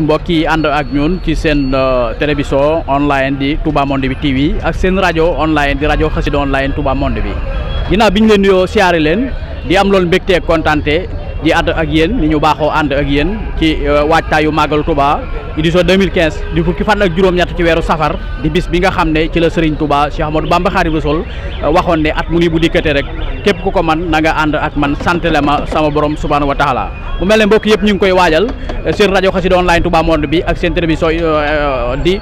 mbokk yi ànd ak ñun ci seen euh, télévision online di Touba Monde bi TV ak seen rajo online di rajo xasida online Touba Monde bi ginnaaw bi ñu leen nuyoo siyaare leen di am loolu mbégteeg kontaante di ànd ak yéen ni ñu baaxoo ànd ak yéen ci euh, waajtaayu màggal Touba édition 2015 di fukki fan ak juróom-ñett ci weeru safar di bis bi nga xam ne ci la Serigne Touba Cheikh Ahmadou Bamba Khadimu Rasuul euh, waxoon ne at mu ni bu dikkate rek képp ku ko man na nga ànd ak man sant ma sama borom subhaanahu wa taala bu mel ne mbokk yëpp ñu ngi koy waajal euh, seen rajo Xassida online Touba Monde bi ak seen télévision di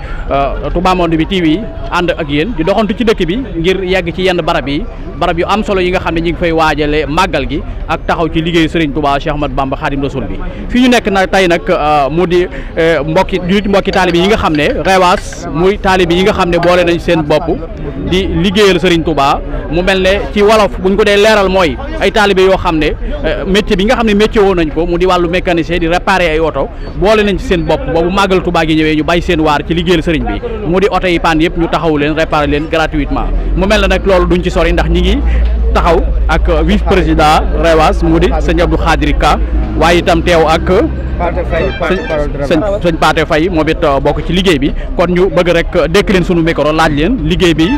Touba Monde bi TV ànd ak yéen di doxantu ci dëkk bi ngir yegg ci yenn barab yi barab yu am solo yi nga xam ne ñu ngi fay waajale màggal gi ak taxaw ci liggéey Serigne Touba Touba Cheikh Ahmad Bamba Khadim Rasoul bi fi ñu nekk nag tey nag euh, mu di euh, mbokki jullit mbokki taalibe yi nga xam ne Rewas muy taalibe yi nga xam ne boole nañ seen bopp di liggéeyal Serigne Touba mu mel ne ci wolof buñ ko dee leeral mooy ay taalibe yoo xam ne euh, métier bi nga xam ne métier woon nañ ko mu di wàllu mécanicien di réparer ay oto boole nañ ci seen bopp boobu màggal Touba gi ñëwee ñu bàyyi seen waar ci liggéeyal Serigne bi mu di oto yi panne yëpp ñu taxaw leen réparer leen taxaw ak euh, vice président Rewas mu di sëñ Abdou Khadri Ka waaye itam teew ak euh, sëñ sëñ Paate Fay moom it euh, bokk ci liggéey bi kon ñu bëgg rek dékk leen sunu micro laaj leen liggéey bi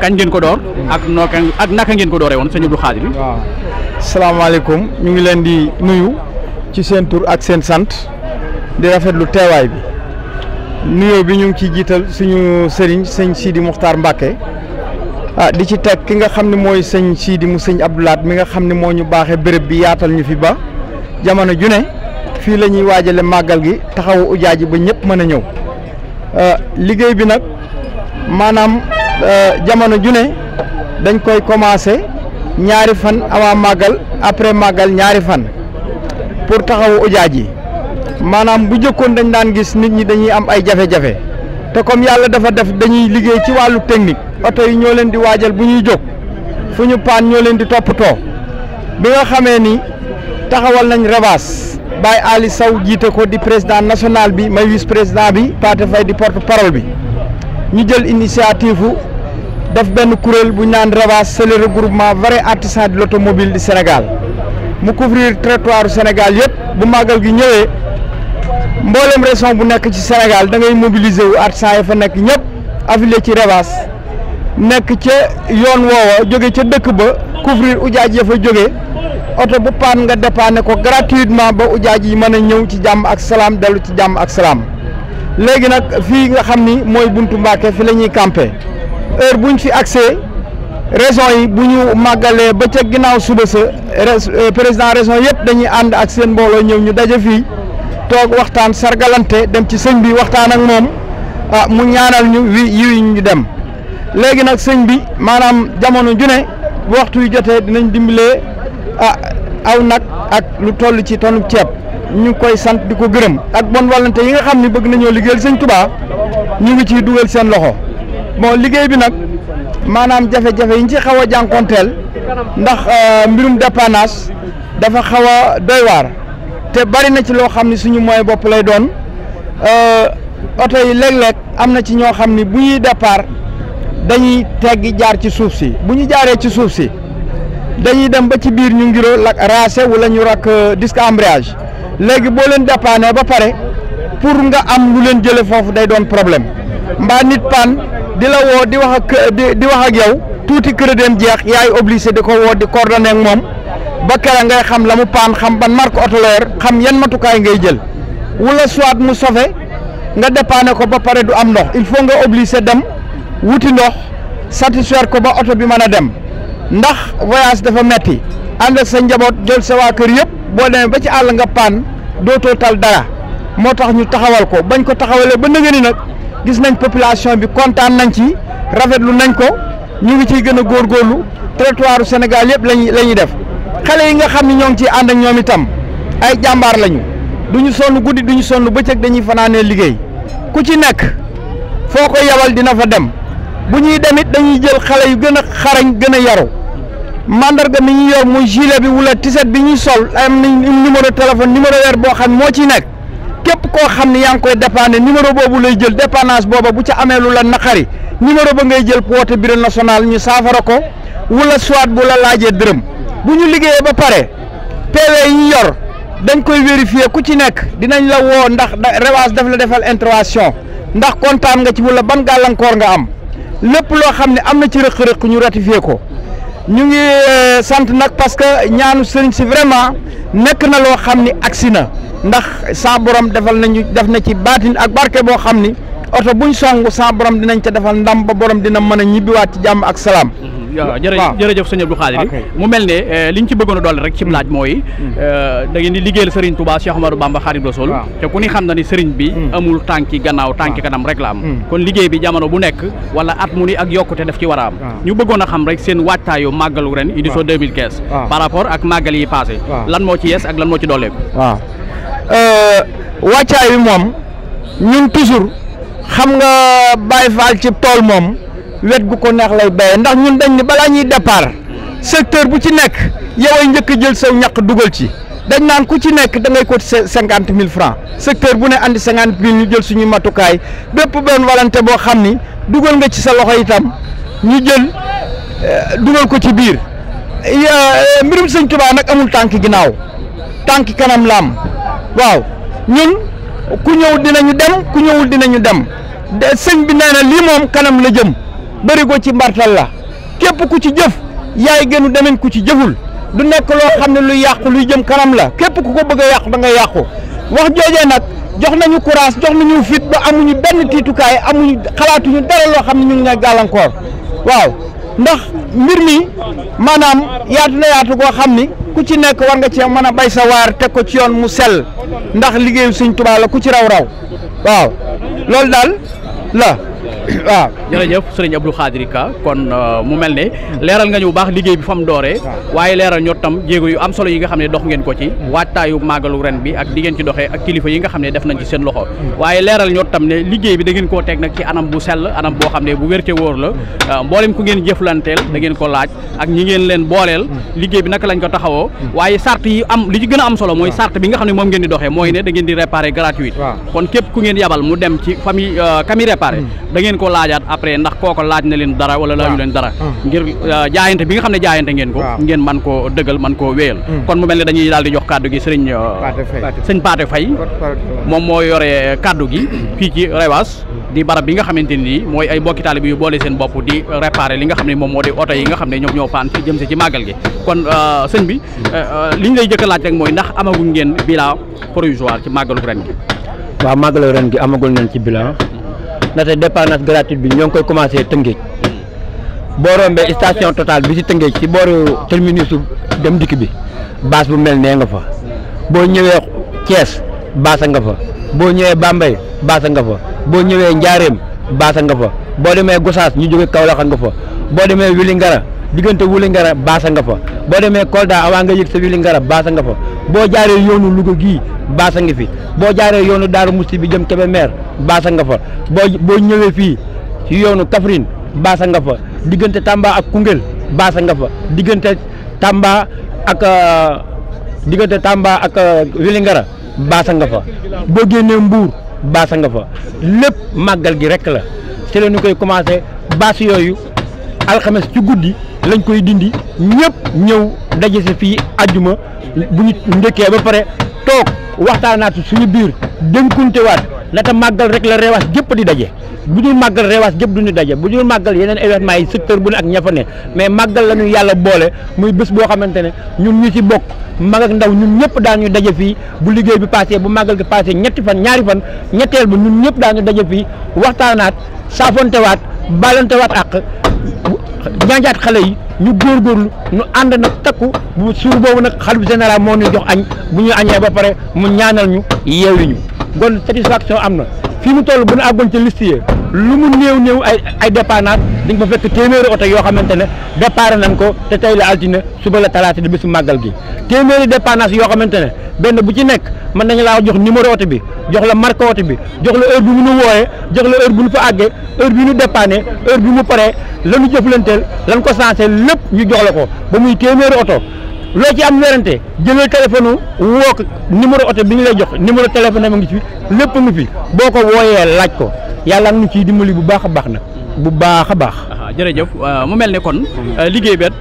kañ ngeen ko door ak naka ak naka ngeen ko dooree woon sëñ Abdou Khadri waaw salaamaaleykum ñu ngi leen di nuyu ci seen tur ak seen sant di rafetlu teewaay bi nuyoo bi ñu ngi ciy jiital suñu sëriñ sëñ Sidi Muxtaar Mbàkke ah di ci teg ki nga xam ne mooy sëñ Sidi mu sëñ Abdoulaat mi nga xam ne moo ñu baaxee béréb bi yaatal ñu fi ba jamono ju ne fii la ñuy waajale màggal gi taxawu ujaa ji ba ñëpp mën a ñëw ah, liggéey bi nag maanaam ah, jamono ju ne dañ koy commencé ñaari fan avant màggal après màggal ñaari fan pour taxawu ujaa ji maanaam bu jëkkoon dañ daan gis nit ñi dañuy am ay jafe-jafe te comme yàlla dafa def dañuy liggéey ci wàllu technique oto yi ñoo leen di waajal bu ñuy jóg fu ñu paan ñoo leen di toppatoo bi nga xamee ni taxawal nañ rebaas Baye Ali Sow jiite ko di président national bi may vice président bi Pathé Faye di porte parole bi ñu jël initiative def benn kuréel bu ñu naan rebaas c'est le regroupement vrai artisan de l'automobile du Sénégal mu couvrir territoire Sénégal yëpp bu màggal gi ñëwee mboolem région bu nekk ci Sénégal da ngay mobiliser wu artisan yi fa nekk ñëpp affilié ci Rebaas nekk ca yoon woowa jóge ca dëkk ba couvrir ujaaj ya fa jóge oto bu paan nga dépanne ko gratuitement ba ujaaj yi mën a ñëw ci jàmm ak salaam dellu ci jàmm ak salaam léegi nag fii nga xam ni mooy buntu Mbàkke fi la ñuy campé heure buñ fi accès reson yi bu ñu màggalee ba ca ginnaaw suba sa euh, président région yëpp dañuy ànd ak seen mbooloo ñëw ñu daje fii toog waxtaan sargalante dem ci sëñ bi waxtaan ak moom a ah, mu ñaanal ñu wi yi ñu dem léegi nag sëñ bi maanaam jamono ju ne bu waxtu yu jotee dinañ dimbalee a ah, aw nag ak lu toll ci tonu ceeb ñu ngi koy sant di ko gërëm ak bon wallante yi nga xam ne bëgg nañoo liggéeyal sëñ Tuubaa ñu ngi ciy dugal seen loxo moo liggéey bi nag maanaam jafe-jafe yi ñu ci xaw a jànkoonteel ndax ah, mbirum dépannage dafa xaw a doy waar te bari na ci loo xam ni suñu moyen bopp lay doon euh, oto yi léeg-léeg am na ci ñoo xam ni bu ñuy départ dañuy teggi jaar ci suuf si bu ñu jaaree ci suuf si dañuy dem ba ci biir ñu ngiro lak raase wala ñu rak euh, disque embrayage léegi boo leen dépanné ba pare pour nga am lu leen jële foofu day doon problème mbaa nit paan di la woo di wax ak di wax ak yow tuuti kër am jeex yaay obligé di ko woo di coordonné ak moom ba kera ngay xam la mu paan xam ban marque oto la yor xam yan matukaay ngay jël wala soit mu sofe nga dépanne ko ba pare du am ndox il faut nga obligé dem wuti ndox satisfaire ko ba oto bi mën a dem ndax voyage dafa metti ànd ak sa njaboot jël sa waa kër yëpp boo demee ba ci àll nga paan dootoo tal dara moo tax ñu taxawal ko bañ ko taxawalee ba nëgëni nag gis nañ population bi kontaan nañ ci rafetlu nañ ko ñu ngi ciy gën a góorlu territoire Sénégal yëpp lañuy la ñuy def xale yi nga xam ne ñoo ngi ciy ànd ak ñoom itam ay jàmbaar lañu du ñu sonn guddi du ñu sonn bëccëg dañuy fanaanee liggéey ku ci nekk foo ko yawal dina fa dem bu ñuy demit dañuy jël xale yu gën a xarañ gën a yaru mandarga mi ñu yor muy gilet bi wala tiset bi ñuy sol am nañ numéro téléphone numéro weer boo xam moo ci nekk képp koo xam ne yaa ngi koy dépanner numéro boobu lay jël dépannage booba bu ci amee lu la naqari numéro ba ngay jël pour woote bureau national ñu saafara ko wala soit bu la laajee dërëm. bu ñu liggéeyee ba pare PV yi yor dañ koy vérifier ku ci nekk dinañ la woo ndax rewaas daf la defal intervention ndax kontaan nga ci wala ban gàllankoor nga am lépp loo xam ne am na ci rëq ñu ratifier ko ñu ngi euh, sant nag parce que ñaanu sëriñ si vraiment nekk na loo xam ni si na ndax saa borom defal nañu def na ci baatin ak barke boo xam ni oto buñ songu saa borom dinañ ca defal ndam ba borom dina mën a ñibbiwaat ci jàmm ak salaam. waaw jërëjëf sëñ Abdou Khadir mu mel ne eh, li ñu ci bëggoon a dolli rek ci laaj mooy mm. eh, da ngeen di liggéeyal Serigne Touba Cheikh Amadou Bamba Khadim Rasoul te ku ni xam na ni Serigne bi mm. amul tànki gannaaw tànki kanam rek la am mm. kon liggéey bi jamono bu nekk wala at mu ni ak yokkute def ci war a am ñu bëggoon a xam rek seen waajtaayu màggalu ren édition 2015 par rapport ak màggal yi passé lan moo ci yees ak lan moo ci dolleeku waaw euh, wàccaay bi moom ñun toujours xam nga Baye Fall ci tool moom wet gu ko neex lay béyee ndax ñun dañ ni balaa ñuy départ secteur bu ci nekk yow njëkk a jël saw ñàq dugal ci dañ naan ku ci nekk da ngay cotiser cinquante mille francs secteur bu ne andi cinquante mille ñu jël suñu matukaay bépp benn volonté boo xam ni dugal nga ci sa loxo tam ñu jël euh, dugal ko ci biir euh, mbirum sëñ Tuubaa nag amul tànk ginnaaw tànk kanam laam waaw ñun ku ñëw dinañu dem ku ñëwul dinañu dem sëñ bi nee na lii moom kanam la jëm. bërigo ci mbartal la képp ku ci jëf yaay gënu demen ku ci jëful du nekk loo xam ne lu yàqu luy jëm kanam la képp ku ko bëgg yàqu da nga yàqu wax joojee nag jox nañu courage jox nañu fit ba amuñu benn tiitukaay amuñu xalaatuñu dara loo xam ne ñu ngi ne gàllankoor waaw ndax mbir mi maanaam yaatu na yaatu koo xam ni ku ci nekk war nga ci mën a bay sa waar teg ko ci yoon mu sell ndax liggéeyu Sëñ Tuubaa la ku ci raw raw waaw loolu daal la waaw jërëjëf sëriñ Abdou Khadri Ka kon euh, mu mel ne leeral nga ñu bu baax liggéey bi fa mu dooree waaye leeral ñoo tam jéego yu am solo yi nga xam ne dox ngeen ko ci hmm. waajtaayu màggalu ren bi ak di ngeen ci doxee ak kilifa yi nga xam ne def nañ ci seen loxo hmm. waaye leeral ñoo tam ne liggéey bi da ngeen koo teg nag ci anam bu sell anam boo xam ne bu wérte wóor la hmm. euh, mboolem ku ngeen jëflanteel da ngeen ko laaj ak ñi ngeen leen booleel liggéey bi naka lañ ko taxawoo waaye sart yi am li ci gën am solo mooy sart bi nga xam ne moom ngeen di doxee mooy ne da ngeen di réparer gratuit kon képp ku ngeen yabal mu dem ci famille euh, kami réparer ngeen ko laajaat après ndax kooko laaj na leen dara wala laaju leen dara hmm. ngir euh, jaayante bi nga xam ne jaayante ngeen ko ngeen man koo dëggal man koo wéyal hmm. kon mu mel ne dañuy daal di jox kàddu gi sëriñ sëñ euh, Paate Fay moom moo yore kàddu gi fii ci Rewas hmm. di barab bi nga xamante ni mooy ay mbokki taalibe yu boole seen bopp di réparer li nga xam ne moom moo di oto yi nga xam ne ñoom ñoo paan ci jëm si ci màggal gi kon euh, sëñ bi li ñu lay jëkk laaj rek mooy ndax amaguñ ngeen bilan provisoire ci màggalu ren gi ndaxte dépannage gratuite bi ñoo ngi koy commencé Tëngéej boo rombee station Total bi si Tëngéej si booru terminus dem dikk bi baas bu mel nee nga fa boo ñëwee Thiès baasa nga fa boo ñëwee Bambey baasa nga fa boo ñëwee Njaareem baasa nga fa boo demee Gosaas ñu jóge Kaolack nga fa boo demee Wili Ngara diggante Wili Ngara a nga fa boo demee Kolda avant nga yëg sa Wili Ngara baasa nga fa boo jaaree yoonu Louga gii baasa nga fi boo jaaree yoonu Daaru Musti bi jëm Kébémer baasa nga fa boo boo ñëwee fii ci yoonu Kaffrine baasa nga fa diggante Tamba ak Koungheul baasa nga fa diggante Tamba ak euh, diggante Tamba ak euh, Vélingara baasa nga fa boo génnee Mbour baasa nga fa lépp màggal gi rek la ci la koy commencé baas yooyu alxames ci guddi. lañ koy dindi ñëpp ñëw daje si fii àjjuma bu ñu ndëkkee ba pare toog waxtaanaat suñu biir dénkuntewaat nata màggal rek la reewaas jëpp di daje bu dul màggal reewaas jëpp duñu daje bu dul màggal yeneen événement yi secteur bu ne ak ña mais màggal lañu yàlla boole muy bés boo xamante ne ñun ñu ci bokk mag ak ndaw ñun ñëpp daan ñu daje fii bu liggéey bi passé bu màggal gi passé ñetti fan ñaari fan ñetteel ba ñun ñëpp daan ñu daje fii waxtaanaat saafontewaat baalante waat àq janjaat xale yi ñu góor góorgóorlu ñu ànd nag takku bu suur boobu nag xalifa général moo ñu jox añ bu ñu añee ba pare mu ñaanal ñu yeewu ñu kon satisfaction am na fii mu toll bu ñu àggoon ci liste yi lu mu néew néew ay ay dépannage di nga fekk téeméeri oto yoo xamante ne départ nañ ko te tey la altine suba la talaata di bisu màggal gi téeméeri dépannage yoo xamante ne benn bu ci nekk mën nañu laa jox numéro oto bi jox la marque oto bi jox la heure bi mu nu wooyee jox la heure bu ñu fa àggee heure bi ñu dépanné heure bi mu paree lanu jëflanteel lan ko sensé lépp ñu jox la ko ba muy téeméeri oto loo ci am werante jëlal téléphone woo ko numéro oto bi ñu lay jox numéro téléphone am ngi ci lépp ngi fi boo ko wooyee laaj ko yàlla nu ciy dimbali bu baax a baax nag bu baax a baax. jërëjëf mu mel ne kon mm. liggéey bet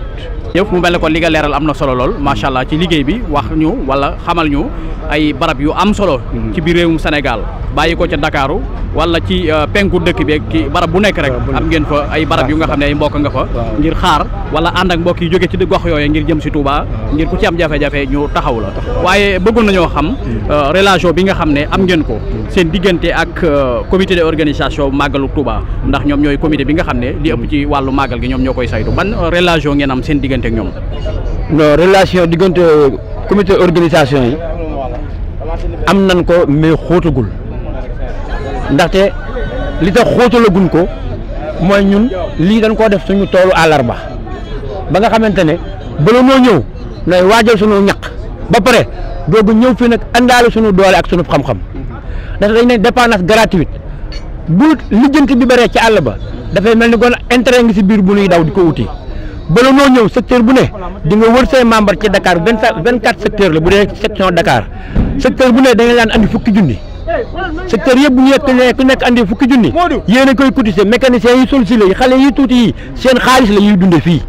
yëpp mu mel ne kon li nga leeral am na solo lool macha allah ci liggéey bi wax ñu wala xamal ñu ay barab yu am solo. ci biir réewum Sénégal bàyyi ko ca Ndakaaru wala ci euh, penku dëkk bi ci barab bu nekk rek. am ngeen fa ay barab yu nga xam ne ay mbokk nga fa. ngir xaar wala ànd ak mbokk yi jóge ci gox yooyu ngir jëm si Touba ngir ku ci am jafe-jafe ñu taxaw la waaye na ñoo xam hmm. euh, relation bi nga xam ne am ngeen ko hmm. seen diggante ak euh, comité d'organisation màggalu Touba ndax ñoom ñooy comité bi nga xam ne li ëpp hmm. ci wàllu gi ñoom ñoo koy saytu ban relation ngeen am seen diggante diggante ak relation diggante comité organisation yi am nan ko mais xóotagul ndaxte li tax xóotalagun ko mooy ñun lii dañ koo def suñu toolu àllarba ba nga xamante ne bala noo ñëw nooy waajal suñu ñaq ba pare doogu ñëw fii nag àndaale suñu doole ak suñu xam-xam ndaxte dañ ne dépendance gratuite bu lijjanti bi baree ci àll ba dafay mel ni kon intérêt ngi si biir bu nuy daw di ko wuti bala noo ñëw secteur bu ne di wër say membre ci Dakar vingt vingt quatre secteur la bu dee section Dakar secteur bu ne da nga daan andi fukki junni secteur yëpp bu ñu nekk andi fukki junni yéen a koy cotiser mécanicien yi solsile yi xale la ñuy dunde fii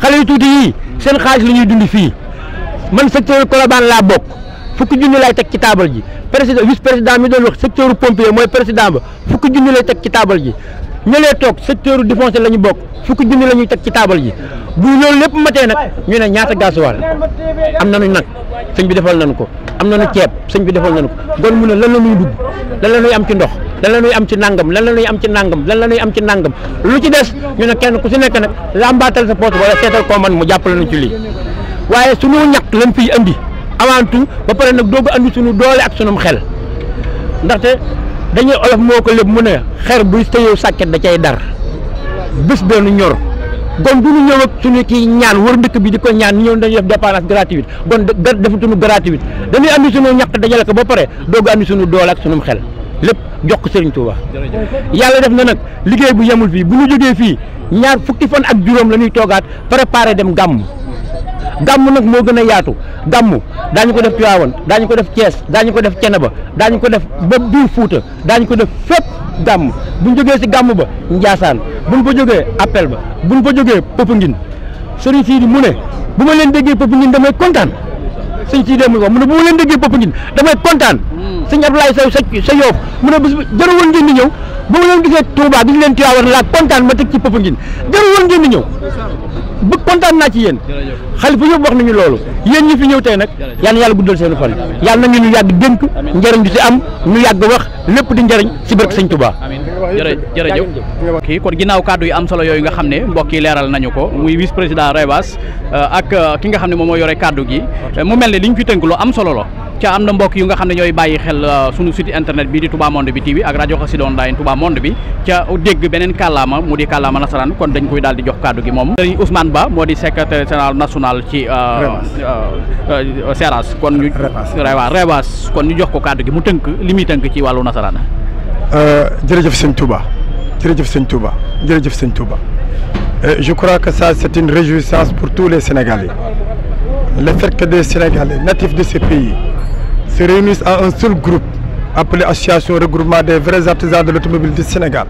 xale yu tuuti yi seen xaalis la ñuy dunde fii man secteur Colobane laa bokk fukki junni lay teg ci taabal ji président vice président mi doon wax secteur pompier mooy président ba fukki junni lay teg ci taabal ji ñëlee toog secteur défense la ñu bokk fukki junni la teg ci taabal ji bu loolu lépp matee nag ñu ne ñaata gasoil am na nañu nag sëñ bi defal nañu ko am na nañu ceeb sëñ bi defal nañu ko kon mu ne lan la ñuy dugg lan la ñuy am ci ndox lan la ñuy am ci nangam lan la ñuy am ci nangam lan la ñuy am ci nangam lu ci des ñu ne kenn ku si nekk nag làmbaatal sa poste wala seetal koo man mu jàppale nañu ci lii waaye sunu ñàkk lañ fiy andi avant tout ba pare nag doog a andi sunu doole ak sunum xel dañuy olof moo ko lépp mu ne xer buy tëyew sàkket da cay dar bés doonu ñor kon du ñu ñëw ak suñu kii ñaan wër dëkk bi di ko ñaan ñëw dañuy def dépendance gratuite kon defatuñu gratuite dañuy andi suñu ñàkk dajale ko ba pare am andi suñu doole ak suñu xel lépp jox ko Serigne Touba yàlla def na nag liggéey bu yemul fii bu ñu jógee fii ñaar fukki fan ak juróom la ñuy toogaat préparé dem gàmm gàmm nag moo gën a yaatu gàmm daañu ko def daa ñu ko def Thiès daañu ko def cena Thiénaba daañu ko def ba biir Fuuta daañu ko def fépp gàmm buñ jógee si gàmm ba Njaasaan buñ fa jógee appel ba buñ fa jógee Popenguine sëriñ sii di mu ne bu ma leen déggee Popenguine damay kontaan sëñ sii dee muy wax mu ne bu ma leen déggee Popenguine damay kontaan hmm. sëñ Ablaye sa sa sa mu ne bis jërëwoon ñëw bu ma leen gisee Touba gis leen Tivaouane laa kontaan ma teg ci Popenguine jërëwoon ngeen di ñëw bu kontaan naa ci yéen xalifa yëpp wax nañu loolu yéen ñi fi ñëw tey nag na yàlla guddal seen fan yàlla na ngeen ñu yàgg dénk njëriñ di ci am ñu yàgg wax lépp di njëriñ si barke sëñ Touba jërëjëf kii kon ginnaaw kàddu yi am solo yooyu nga xam ne mbokk yi leeral nañu ko muy vice président Rebass euh, ak euh, ki nga xam ne moom moo yore kàddu gi mu mel ne li ñu fi tënk lu am solo la ca am na mbokk yu nga xam ne ñooy bàyyi xel euh, suñu site internet bi di Touba Monde bi TV ak rajo Xassida Online Touba Monde bi ca dégg beneen kàllaama mu di kàllaama nasaraan kon dañ koy daal di jox kàddu gi moom sëriñ Ousmane Ba moo di secrétaire général national ci euh, euh, Seras kon ñu rewa rewas kon ñu jox ko kàddu gi mu tënk li muy tënk ci wàllu nasaraan jërëjëf sëñ tuba jërëjëf sëñ Touba jërëjëf sëñ Touba je crois que ça c'est une réjouissance pour tous les Sénégalais le fait que des Sénégalais natifs de ce se réunissent en un seul group appelé Association Regroupement des vrais artisans de l'automobile du Sénégal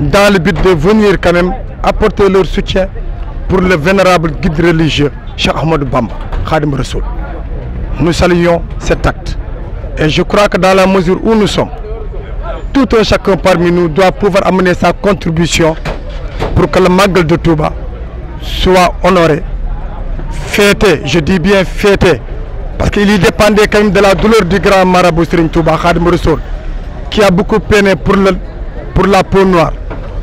dans le but de venir quand même apporter leur soutien pour le vénérable guide religieux Cheikh Ahmadou Bamba Khadim Rassoul. Nous saluons cet acte et je crois que dans la mesure où nous sommes, tout un chacun parmi nous doit pouvoir sa contribution pour que le Magal de Touba soit honoré, fêté, je dis bien fêté, Parce qu'il dépendait quand même de la douleur du grand marabout Srin Touba Khadim Roussoul, qui a beaucoup peiné pour, le, pour la peau noire,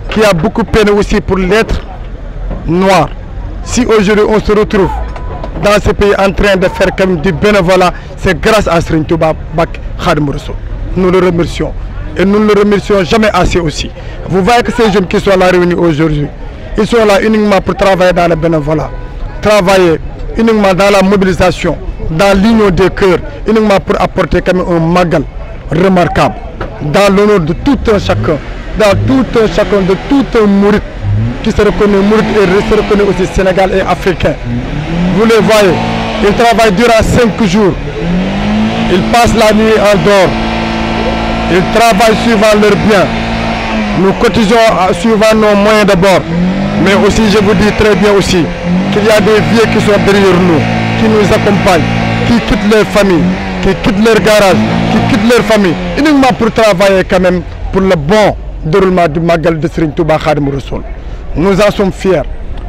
qui a beaucoup peiné aussi pour l'être noir. Si aujourd'hui on se retrouve dans ce pays en train de faire comme du bénévolat, c'est grâce à Srin Touba Khadim Roussoul. Nous le remercions. Et nous ne le remercions jamais assez aussi. Vous voyez que ces jeunes qui sont là réunis aujourd'hui, ils sont là uniquement pour travailler dans dans la mobilisation, dans l'union des cœurs, uniquement pour apporter quand même un magal remarquable, dans l'honneur de tout un chacun, dans tout un chacun, de tout un mouride qui se reconnaît mouride et se reconnaît aussi sénégal et africain. Vous les voyez, ils travaillent durant cinq jours, ils passent la nuit en dehors, ils travaillent suivant leurs biens, nous cotisons euh, suivant nos moyens d'abord, mais aussi je vous dis très bien aussi qu'il y a des vieux qui sont derrière nous. qui nous accompagnent, qui quittent leur famille, qui quittent leur garage, qui quittent leur famille, uniquement pour travailler quand pour le bon déroulement du Magal de Serigne Touba Khadim Rassoul. Nous en sommes fiers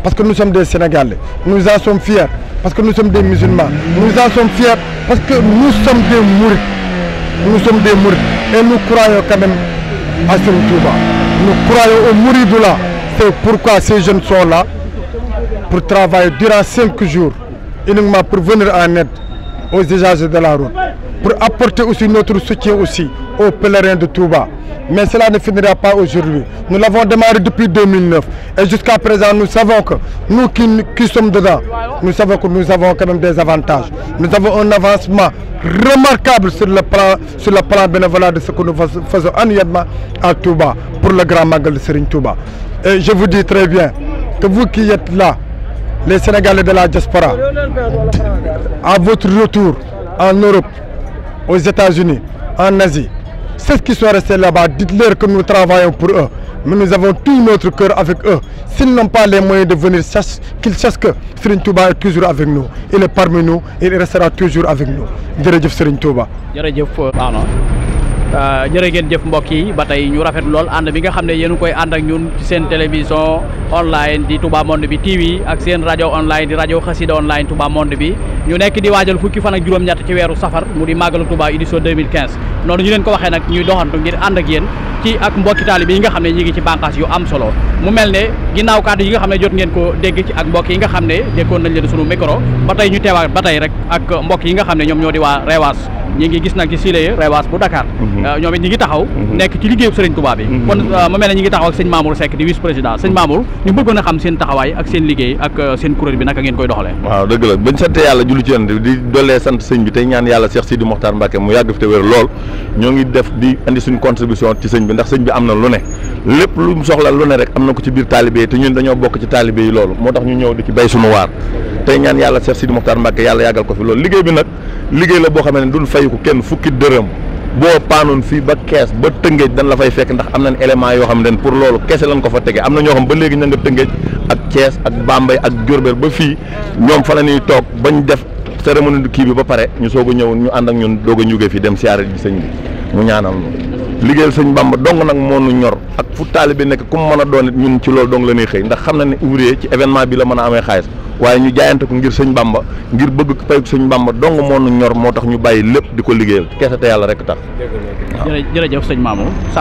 parce que nous sommes des Sénégalais. Nous en sommes fiers parce que nous sommes des musulmans. Nous en sommes fiers parce que nous sommes des mourides. et nous croyons quand même à Serigne Touba. Nous croyons au Mouridoula. C'est pourquoi ces jeunes sont la pour travailler durant cinq jours. uniquement pour venir en aide aux usagers de la route, pour apporter aussi notre soutien aussi aux pèlerins de Touba. Mais cela ne finira pas aujourd'hui. Nous l'avons démarré depuis 2009 et jusqu'à présent nous savons que nous qui, qui, sommes que des avantages. Nous avons un avancement remarquable sur le plan, le plan bénévolat de ce que nous faisons annuellement à Touba pour le grand magal de Serigne Touba. Et je vous dis très bien que vous qui êtes là, les Sénégalais de la diaspora, à votre retour en Europe, aux États-Unis, en Asie, ceux qui sont restés là-bas, dites-leur que nous travaillons pour eux. Mais nous avons tout notre cœur avec eux. S'ils n'ont pas les moyens de venir, qu'ils sachent que Serine Touba est toujours avec nous. Il est parmi nous, il restera toujours avec nous. Touba. Ah Euh, jërë ngeen jëf mbokk yi ba tey ñu rafet lool ànd bi nga xam ne yéen koy ànd ak ñun ci seen télévision online di Touba Monde bi TV ak seen rajo online di rajo Xassida online Touba Monde bi ñu nekk di waajal fukki fan ak juróom-ñett ci weeru safar mu di màggalu Touba édition 2015 noonu ñu leen ko waxee nag ñuy doxantu ngir ànd ak yéen ci ak mbokki taalibe yi nga xam ne ñi ngi ci bànqaas yu am solo mu mel ne ginnaaw kàddu yi nga xam ne jot ngeen ko dégg ci ak mbokk yi nga xam ne dékkoon nañ leen sunu micro ba tey ñu teewaat ba tey rek ak mbokk yi nga xam ne ñoom ñoo di waa Rewas ñi ngi gis nag ci Sileye Rewas bu Euh, ñoom it ñi ngi taxaw mhm. nekk ci liggéeyu sëriñ Touba bi mhm. kon euh, ma mel ne ñi ngi taxaw ak sëñ Mamour Seck di vice président sëñ Mamour ñu bëggoon a xam seen taxawaay ak seen liggéey ak euh, seen kuréel bi naka ngeen koy doxalee waaw dëgg la bañ sante yàlla julli ci yonent di doolee sant sëñ bi tey ñaan yàlla Cheikh Sidi Mokhtar Mbacké mu yàgg fi te wér lool ñoo ngi def di indi suñu contribution ci sëñ bi ndax sëñ bi am na lu ne lépp lu mu soxla lu ne rek am na ko ci biir taalibe yi te ñun bokk ci taalibe yi loolu moo tax ñu ñëw di ci bay suñu waar tey ñaan yàlla yàlla yàggal ko fi loolu liggéey bi nag liggéey la boo xam ne duñ kenn fukki dërëm boo paanoon fii ba kees ba tëngéej dañ la fay fekk ndax am nañ élément yoo xam ne pour loolu kese lañ ko fa tegee am na ñoo xam ba léegi ña nga tëngéej ak Thiès ak Bambey ak Diourbel ba fii ñoom fa la ñuy toog ñu def cérémonie kii bi ba pare ñu soog a ñëw ñu ànd ak ñun doog a ñugee fii dem siyaare ji sëñ bi mu ñaanal ñu liggéeyal sëñ Bamba dong nag moo nu ñor ak fu taalibe nekk ku mu mën a doon ñun ci loolu dong la ñuy xëy ndax xam na ne ouvrier ci événement bi la mën a amee xaalis waaye ñu jaayante ko ngir sëñ bamba ngir bëgg pay ko sëñ bamba dong moo ñor moo tax ñu bàyyi lépp di ko liggéeyal kese te yàlla rek tax jërëjëf sëñ Mamour